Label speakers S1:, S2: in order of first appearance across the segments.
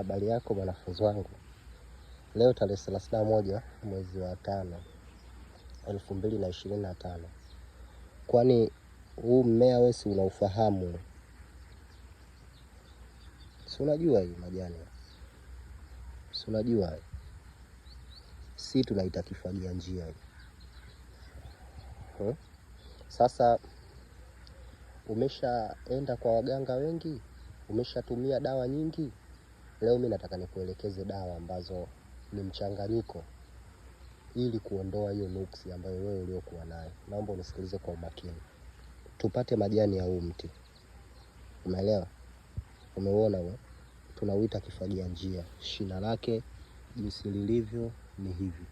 S1: Habari yako mwanafunzi wangu. Leo tarehe 31 mwezi wa tano elfu mbili na ishirini na tano. Kwani huu mmea wewe si unaufahamu? Si unajua hii majani, si unajua si tunaita kifagia njia hii hmm? Sasa umeshaenda kwa waganga wengi, umeshatumia dawa nyingi. Leo mi nataka nikuelekeze dawa ambazo ni mchanganyiko ili kuondoa hiyo nuksi ambayo wewe uliokuwa nayo. Naomba unisikilize kwa umakini. Tupate majani ya huu mti, umeelewa? Umeona we, tunauita kifagia njia. Shina lake jinsi lilivyo ni hivi,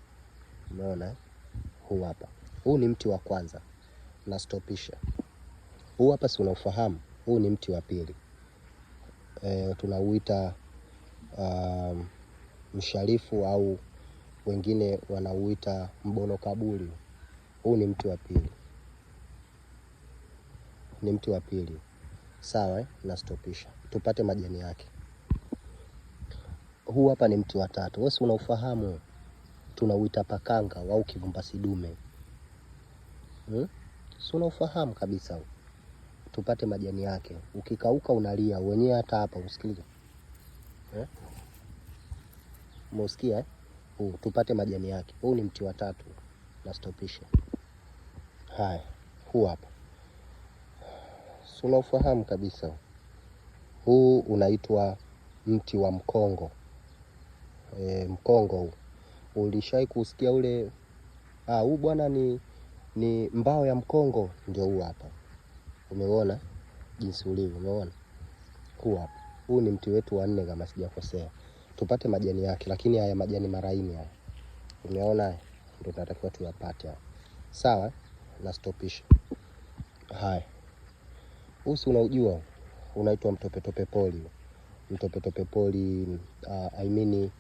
S1: umeona? Huu hapa, huu ni mti wa kwanza nastopisha. Huu hapa si unaufahamu? Huu ni mti wa pili, e, tunauita uh, um, msharifu au wengine wanauita mbono kaburi. Huu ni mti wa pili, ni mti wa pili sawa. Eh? Nastopisha tupate majani yake. Huu hapa ni mti wa tatu, wewe unaufahamu, tunauita pakanga au kivumba sidume hmm? Si unaufahamu kabisa. Tupate majani yake, ukikauka unalia wenyewe. Hata hapa usikilize. Eh? eh? huu, tupate majani yake. Huu ni mti wa tatu, stopisha Haya, huu hapa, si unaufahamu kabisa huu, unaitwa mti wa mkongo. E, mkongo huu ulishai kusikia ule? Ah, huu bwana ni, ni mbao ya mkongo, ndio huu hapa. Umeona jinsi ulivyo? Umeona huu hapa huu ni mti wetu wa nne kama sijakosea. Tupate majani yake, lakini haya majani maraini haya. Umeona, ndio tunatakiwa tuyapate. Sawa, na stopisha. Haya. Usi unaujua unaitwa mtopetope poli. Mtopetope poli, uh, I mean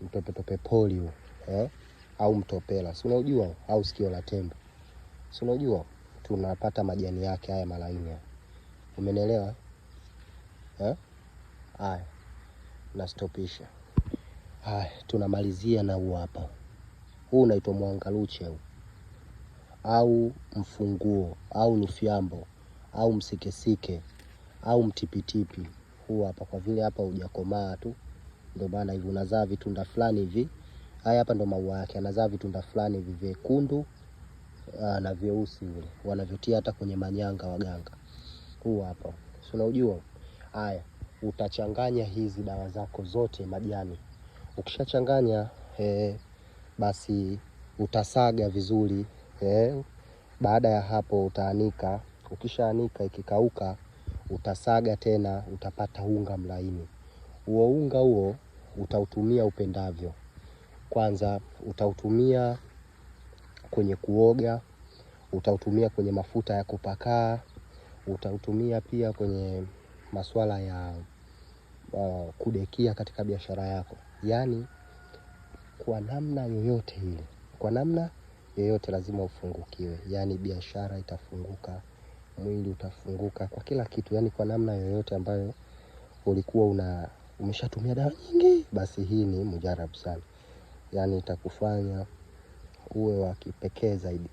S1: mtopetope poli eh? Au mtopela. Si unaujua au sikio la tembo. Si unajua tunapata majani yake haya malaini haya. umenelewa Eh? Haya, nastopisha. Haya, tunamalizia na huu hapa. Huu unaitwa mwangaluche huu au mfunguo au lufyambo au msikesike au mtipitipi huu hapa. Kwa vile hapa hujakomaa tu, ndio maana hivi unazaa vitunda fulani hivi. Haya hapa ndo maua yake, anazaa vitunda fulani hivi vyekundu ah, na vyeusi, vile wanavyotia hata kwenye manyanga waganga. Huu hapa si unaujua? Haya, utachanganya hizi dawa zako zote majani. Ukishachanganya eh, basi utasaga vizuri eh. Baada ya hapo utaanika, ukishaanika ikikauka utasaga tena, utapata unga mlaini. Huo unga huo utautumia upendavyo. Kwanza utautumia kwenye kuoga, utautumia kwenye mafuta ya kupakaa, utautumia pia kwenye masuala ya uh, kudekia katika biashara yako, yaani kwa namna yoyote ile, kwa namna yoyote lazima ufungukiwe, yaani biashara itafunguka, mwili utafunguka, kwa kila kitu, yaani kwa namna yoyote ambayo ulikuwa una umeshatumia dawa nyingi, basi hii ni mujarabu sana, yaani itakufanya uwe wa kipekee zaidi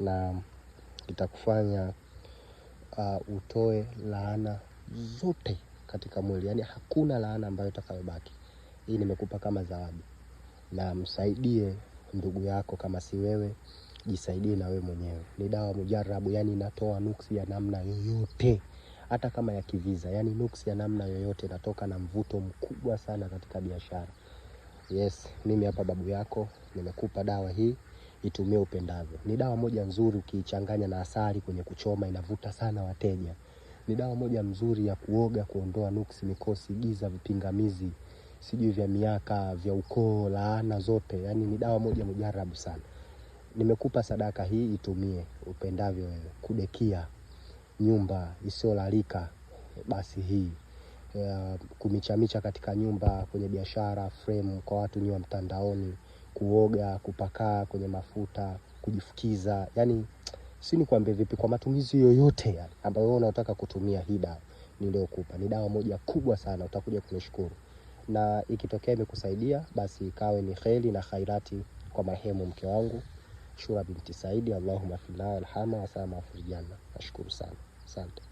S1: na itakufanya uh, utoe laana zote katika mwili, yani hakuna laana ambayo itakayobaki. Hii nimekupa kama zawadi, na msaidie ndugu yako, kama si wewe jisaidie na wewe mwenyewe. Ni dawa mujarabu, yani inatoa nuksi ya namna yoyote, hata kama ya kiviza, yani nuksi ya namna yoyote inatoka na mvuto mkubwa sana katika biashara. Yes, mimi hapa babu yako, nimekupa dawa hii, itumie upendavyo. Ni dawa moja nzuri, ukiichanganya na asali kwenye kuchoma inavuta sana wateja. Ni dawa moja mzuri ya kuoga, kuondoa nuksi, mikosi, giza, vipingamizi sijui vya miaka vya ukoo, laana zote. yani ni dawa moja mujarabu sana. Nimekupa sadaka hii, itumie upendavyo wewe kudekia nyumba isiyolalika, basi hii ya kumichamicha katika nyumba, kwenye biashara, fremu kwa watu niwa wa mtandaoni, kuoga, kupakaa kwenye mafuta, kujifukiza, yani si ni kwambie vipi, kwa matumizi yoyote yale ambayo wewe unataka kutumia, hii dawa niliyokupa ni dawa moja kubwa sana, utakuja kunishukuru, na ikitokea imekusaidia basi ikawe ni kheri na khairati kwa marehemu mke wangu Shura binti Saidi, Allahumma finna alhama wasama afurjanna. Nashukuru sana, asante.